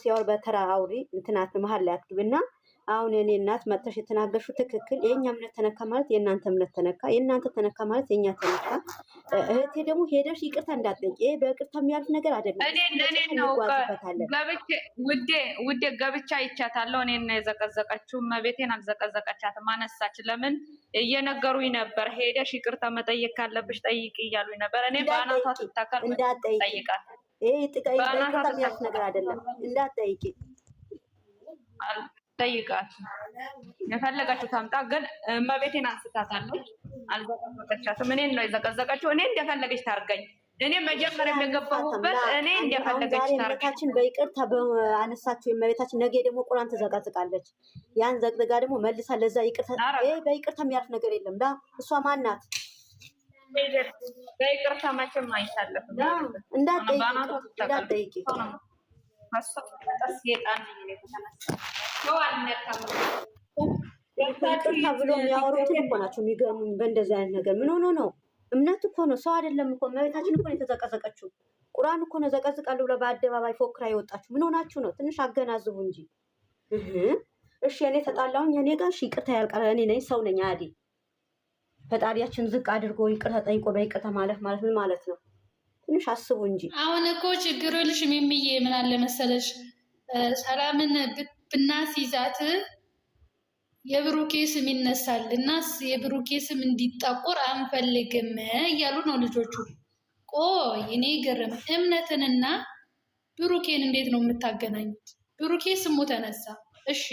ሲያወር በተራ አውሪ እንትናት መሀል ላይ አትግብና። አሁን የኔ እናት መጥተሽ የተናገርሽው ትክክል። የእኛ እምነት ተነካ ማለት የእናንተ እምነት ተነካ፣ የእናንተ ተነካ ማለት የእኛ ተነካ። እህቴ ደግሞ ሄደሽ ይቅርታ እንዳትጠይቂ፣ ይሄ በቅርታ የሚያልፍ ነገር አይደለም። ውዴ ውዴ ገብቻ ይቻታለሁ። እኔ ና የዘቀዘቀችው መቤቴን አልዘቀዘቀቻት ማነሳች። ለምን እየነገሩኝ ነበር፣ ሄደሽ ይቅርታ መጠየቅ ካለብሽ ጠይቅ እያሉኝ ነበር። እኔ በአናቷ ትታከል ጠይቃት ይሄ ጥቃይ በጣም ነገር አይደለም። እንዳትጠይቂ ጠይቃት የፈለገችው ታምጣ። ግን እመቤቴን አንስታታለች፣ አልዘቀዘቀቻትም። እኔን ነው የዘቀዘቀችው። እኔ እንደፈለገች ታርገኝ። እኔ መጀመሪያ የገባሁበት እኔ እንደፈለገች ታርገኝ። በይቅርታ በአነሳችሁ የእመቤታችን ነገ ደግሞ ቁራን ትዘቀዝቃለች። ያን ዘቅዝቃ ደግሞ መልሳ ለዛ ይቅርታ። በይቅርታ የሚያልፍ ነገር የለም። እሷ ማናት? በይቅርታ መቼም አይታለፍም። እንዳትጠይቂ ይቅርታ ብሎ የሚያወሩትን እኮ ናቸው የሚገርሙኝ። በእንደዚህ አይነት ነገር ምን ሆኖ ነው? እምነት እኮ ነው፣ ሰው አይደለም እኮ። መቤታችን እኮ ነው የተዘቀዘቀችው። ቁርአን እኮ ነው ዘቀዝቃለሁ ብላ በአደባባይ ፎክራ የወጣችሁ። ምን ሆናችሁ ነው? ትንሽ አገናዝቡ እንጂ። እሺ እኔ ተጣላሁኝ፣ እኔ ጋር እሺ፣ ይቅርታ ያልቃል። እኔ ነኝ ሰው ነኝ አዲ ፈጣሪያችን ዝቅ አድርጎ ይቅርታ ጠይቆ በይቅርታ ማለፍ ማለት ምን ማለት ነው? ትንሽ አስቡ እንጂ። አሁን እኮ ችግሩ ልሽ ሚሚዬ ምን አለ መሰለሽ፣ ሰላምን ብናስይዛት የብሩኬ ስም ይነሳል እና የብሩኬ ስም እንዲጠቁር አንፈልግም እያሉ ነው ልጆቹ። ቆይ እኔ ግርም እምነትንና ብሩኬን እንዴት ነው የምታገናኙት? ብሩኬ ስሙ ተነሳ። እሺ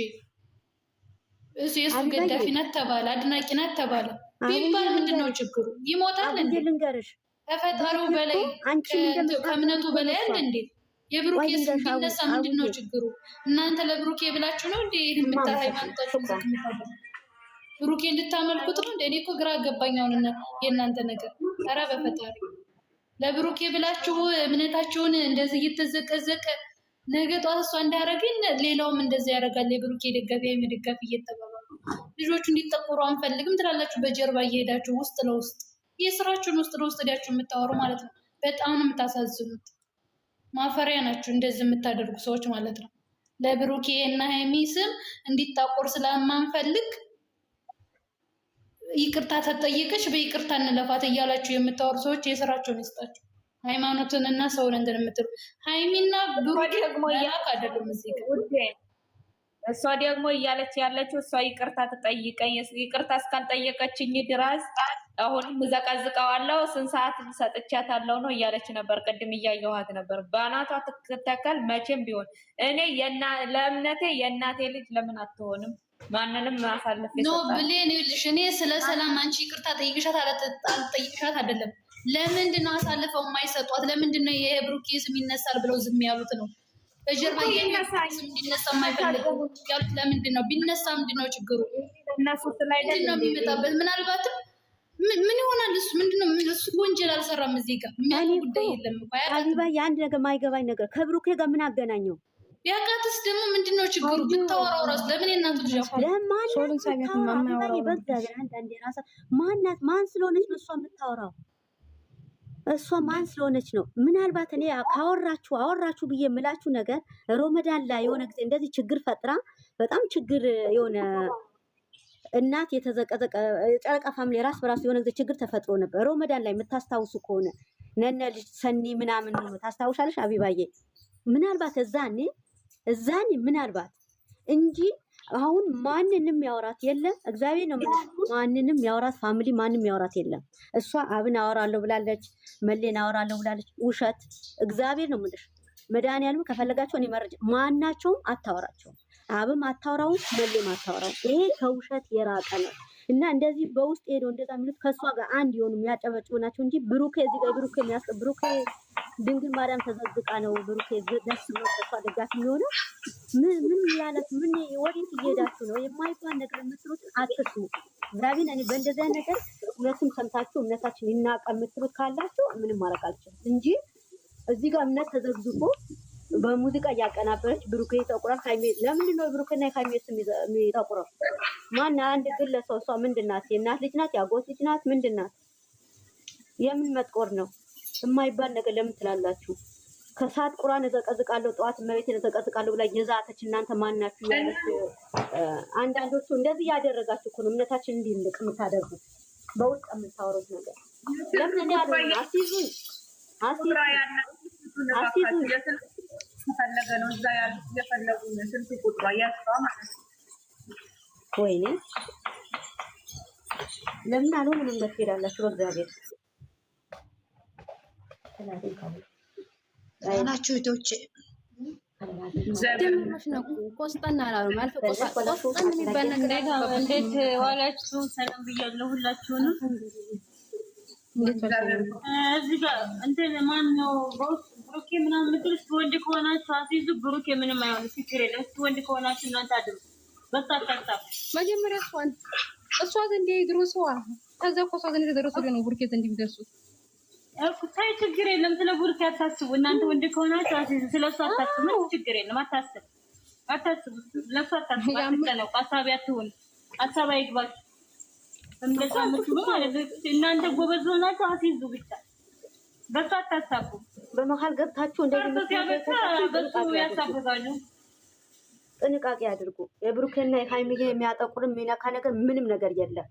እሱ የእሱ ገዳፊ ናት ተባለ፣ አድናቂ ናት ተባለ። ቢባል ምንድን ነው ችግሩ? ይሞታል እንዴ? ልንገርሽ፣ ከፈጣሪው በላይ ከእምነቱ በላይ አለ እንዴ? የብሩኬ ስም ቢነሳ ምንድን ነው ችግሩ? እናንተ ለብሩኬ ብላችሁ ነው እንዴ የምታ ሃይማኖታችሁ ብሩኬ እንድታመልኩት ነው እንደ እኔ እኮ ግራ አገባኛውን የእናንተ ነገር ኧረ በፈጣሪ ለብሩኬ ብላችሁ እምነታችሁን እንደዚህ እየተዘቀዘቀ ነገ ጠዋት እሷ እንዳያረግን ሌላውም እንደዚህ ያደርጋል። የብሩኬ ደጋፊ የመደጋፊ እየተባሉ ልጆቹ እንዲጠቆሩ አንፈልግም ትላላችሁ። በጀርባ እየሄዳችሁ ውስጥ ለውስጥ የስራችሁን ውስጥ ለውስጥ ሄዳችሁ የምታወሩ ማለት ነው። በጣም ነው የምታሳዝኑት። ማፈሪያ ናችሁ እንደዚህ የምታደርጉ ሰዎች ማለት ነው። ለብሩኬ እና ሀይሚ ስም እንዲታቆር ስለማንፈልግ ይቅርታ ተጠየቀች በይቅርታ እንለፋት እያላችሁ የምታወሩ ሰዎች የስራቸውን ይስጣችሁ። ሃይማኖትን እና ሰውን እንትን የምትሉ ሀይሚና ብሩ ደግሞ ያቅ አደለም እዚህ እሷ ደግሞ እያለች ያለችው እሷ ይቅርታ ትጠይቀኝ፣ ይቅርታ እስካልጠየቀችኝ ድረስ አሁንም ዘቀዝቀዋለው ስንት ሰዓት ሰጥቻታለሁ ነው እያለች ነበር። ቅድም እያየኋት ነበር። በእናቷ ትተከል መቼም ቢሆን እኔ ለእምነቴ የእናቴ ልጅ ለምን አትሆንም? ማንንም ማሳለፍ ኖ ብሌን ይልሽ። እኔ ስለ ሰላም አንቺ ይቅርታ ጠይቅሻት አልጠይቅሻት አይደለም። ለምንድን ነው አሳልፈው የማይሰጧት? ለምንድን ነው የብሩክ ስም ይነሳል ብለው ዝም ያሉት ነው በጀርባ እንዲነሳ የማይፈልጉ ያሉት ለምንድን ነው? ቢነሳ ምንድን ነው ችግሩ? ምንድን ነው የሚመጣበት? ምናልባትም ምን ይሆናል? እሱ ምንድን ነው? እሱ ወንጀል አልሰራም። እዚህ ጋር የሚያውቅ ጉዳይ የለም። የአንድ ነገር ማይገባኝ ነገር ከብሩኬ ጋር ምን አገናኘው? ቢያውቃትስ ደግሞ ምንድን ነው ችግሩ? ብታወራው ራሱ ለምን የእናቱ ልጅ ለማናት? ማናት? ማን ስለሆነች እሷ የምታወራው እሷ ማን ስለሆነች ነው? ምናልባት እኔ ካወራችሁ አወራችሁ ብዬ የምላችሁ ነገር ሮመዳን ላይ የሆነ ጊዜ እንደዚህ ችግር ፈጥራ በጣም ችግር የሆነ እናት የተዘቀዘቀ ጨረቃ ፋሚሊ ራስ በራሱ የሆነ ጊዜ ችግር ተፈጥሮ ነበር። ሮመዳን ላይ የምታስታውሱ ከሆነ ነነ ልጅ ሰኒ ምናምን ታስታውሻለሽ አቢባዬ? ምናልባት እዛኔ እዛኔ ምናልባት እንጂ አሁን ማንንም ያወራት የለም። እግዚአብሔር ነው ማንንም ያወራት ፋሚሊ ማንም ያወራት የለም። እሷ አብን አወራለሁ ብላለች፣ መሌን አወራለሁ ብላለች። ውሸት እግዚአብሔር ነው የምልሽ። መድኃኒዓለም ከፈለጋቸው እኔ መረጃ ማናቸውም አታወራቸውም። አብም አታወራውም፣ መሌም አታወራውም። ይሄ ከውሸት የራቀ ነው። እና እንደዚህ በውስጥ ሄዶ እንደዛ የሚሉት ከእሷ ጋር አንድ የሆኑ የሚያጨበጭቡ ናቸው እንጂ ብሩኬ እዚህ ጋር ብሩኬ የሚያስ ብሩኬ ድንግል ማርያም ተዘግቃ ነው ብሩኬ ደስ ብሎ ከእሷ ደጋፊ የሚሆነው ምን ያለት ምን ወዴት እየሄዳችሁ ነው? የማይባል ነገር የምትሉትን አትስሙ። ዛሬን እኔ በእንደዚያ ነገር እውነቱን ሰምታችሁ እምነታችን ይናቃ የምትሉት ካላችሁ ምንም ማድረግ አልችልም እንጂ እዚህ ጋር እምነት ተዘግዝቆ በሙዚቃ እያቀናበረች ብሩኬ ይጠቁራል፣ ሃይሜ ለምንድን ነው ብሩክና ሃይሜ ስም የሚጠቁረው? ማን አንድ ግለሰብ እሷ ምንድን ናት? የእናት ልጅ ናት? የአጎት ልጅ ናት? ምንድን ናት? የምን መጥቆር ነው? የማይባል ነገር ለምን ትላላችሁ? ከሰዓት ቁራን እዘቀዝቃለሁ ጠዋት መሬት እዘቀዝቃለሁ ብላ የዛተች እናንተ ማናችሁ? አንዳንዶቹ እንደዚህ ያደረጋችሁ እኮ ነው እምነታችን እንዲልቅ የምታደርጉት በውስጥ የምታወሩት ነገር ለምን እንዲ ያለ አሲዙ አሲዙ አሲዙ እያደረገ ነው። እዛ ያሉት እየፈለጉ ስንት ቁጥሯ እያስፋ ማለት ነው። ወይኔ ለምን አለው ምንም ደስ ይላላችሁ። በእግዚአብሔር ናችሁ ቶች እንዴት ዋላችሁ? ሰላም ብያለሁ ሁላችሁንም። እዚህ ጋር እንትን ማን በውስጥ ብሩኬ ምናምን የምትል ስትወልድ ከሆናችሁ አስይዙ። ብሩኬ ምንም አይሆን፣ ችግር የለም። ስትወልድ ከሆናችሁ እናንተ አድርጉ። በቃ ቀርታ መጀመሪያ እሷን እሷ ዘንድ ይድረሰዋ፣ ከዛ እኮ እሷ ዘንድ የተደረሱ ነው ብሩኬ ዘንድ የሚደርሱት ታይ ችግር የለም። ስለ ቡርክ አታስቡ። እናንተ ወንድ ከሆናችሁ አስይዙ። ስለ እሱ አታስቡ። ምን ችግር የለም። አታስቡ፣ አታስቡ፣ ለእሱ አታስቡ። አትጨነቁ። ሀሳቢ አትሆኑ፣ ሀሳብ አይግባችሁ። እንደዛ ምትሉ ማለት እናንተ ጎበዝ ሆናችሁ አስይዙ ብቻ፣ በሱ አታሳቡ። በመሀል ገብታችሁ እንደዚህ ጥንቃቄ አድርጉ። የብሩኬና የሃይሚዬ የሚያጠቁር የሚነካ ነገር ምንም ነገር የለም።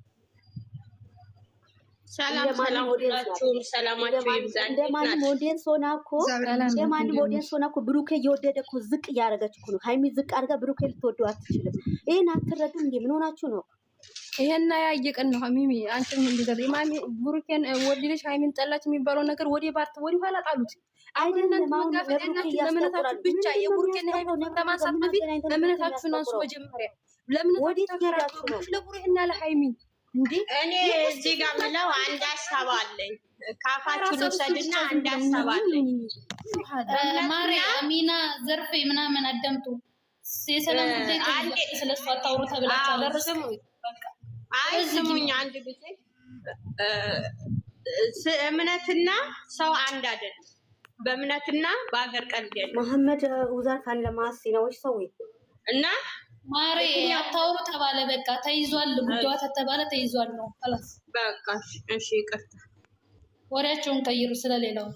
ሰላማችሁ እንደማንም ኦዲየንስ ሆና እኮ እንደማንም ኦዲየንስ ሆና እኮ ብሩኬ እየወደደ እኮ ዝቅ እያደረገች እኮ ነው። ሃይሚ ዝቅ አድርጋ ብሩኬ ልትወደው አትችልም። አትረዱም እንዴ? ምን ሆናችሁ ነው? ነው ብሩኬን ጠላች የሚባለው ነገር ባርት ኋላ ጣሉት። አሁንነት መጋፈጥ ያላችሁ ለእምነታችሁ ብቻ የቡርኬን ሃይማኖት ከማንሳት በፊት እምነታችሁን አንሱ። መጀመሪያ ለእምነታችሁ ተከራከሩ። ለቡሬና ለሃይሚ እንዴ እኔ እዚህ ጋር ምለው አንድ ሀሳብ አለኝ። ካፋችሁን ውሰድና አንድ ሀሳብ አለኝ። ማሪ አሚና ዘርፌ ምናምን አደምጡ የሰላም ጉዳይ ስለሱ አታውሩ ተብላችኋል። አይ ስሙኝ አንድ ጊዜ እምነትና ሰው አንድ አይደለም። በእምነትና በአገር ቀልድ ያለ መሐመድ ውዛር ካለ ማስ ነዎች ሰው እና ማሬ አታውሩ ተባለ። በቃ ተይዟል፣ ጉዳዋ ተተባለ ተይዟል ነው ላስ በቃ እሺ፣ ይቅርታ ወሬያቸውን ቀይሩ። ስለሌላው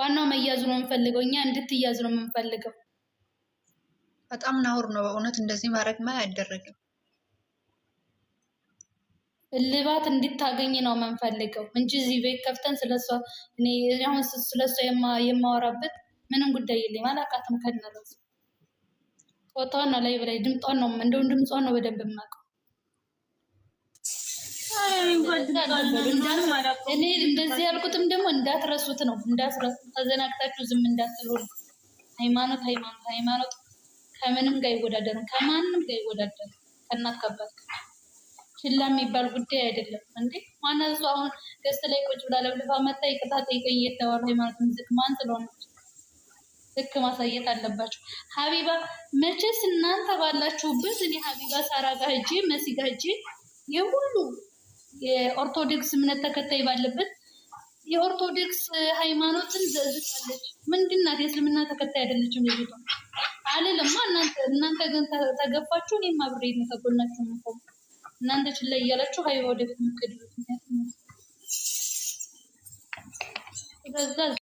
ዋናው መያዙ ነው የምንፈልገው፣ እኛ እንድትያዙ ነው የምንፈልገው። በጣም ነውር ነው በእውነት እንደዚህ ማድረግማ አይደረግም። እልባት እንድታገኝ ነው የምንፈልገው እንጂ እዚህ ቤት ከፍተን ስለሷ አሁን ስለሷ የማወራበት ምንም ጉዳይ የለኝም። አላቃትም ከነረሱ ፎቶዋን ነው ላይ በላይ ድምጧን ነው እንደውም ድምጿን ነው በደንብ የማውቀው። እኔ እንደዚህ ያልኩትም ደግሞ እንዳትረሱት ነው እንዳትረሱት፣ ተዘናግታችሁ ዝም እንዳትሉ። ሃይማኖት ሃይማኖት ሃይማኖት ከምንም ጋር ይወዳደርም፣ ከማንም ጋር ይወዳደርም ከእናት ከአባት ችላ የሚባል ጉዳይ አይደለም እንዴ! ማናት እሱ አሁን ገዝተ ላይ ቁጭ ብላ ለብልፋ መታ ይቅርታ ጠይቀኝ እየተባሉ ማለት ዝቅ ማን ስለሆነች ልክ ማሳየት አለባቸው። ሀቢባ መቼስ እናንተ ባላችሁበት እኔ ሀቢባ ሳራ ጋር ሂጄ መሲ ጋር ሂጄ የሁሉ የኦርቶዶክስ እምነት ተከታይ ባለበት የኦርቶዶክስ ሃይማኖትን ዘዝታለች። ምንድን ናት? የእስልምና ተከታይ አይደለችም ልጅቷ አልልማ። እናንተ ግን ተገፋችሁ፣ እኔም አብሬ ነው ከጎናችሁ ነው እናንተ ችላ እያላችሁ ሀይ ወደፊት ምክድ ምክንያት ነው።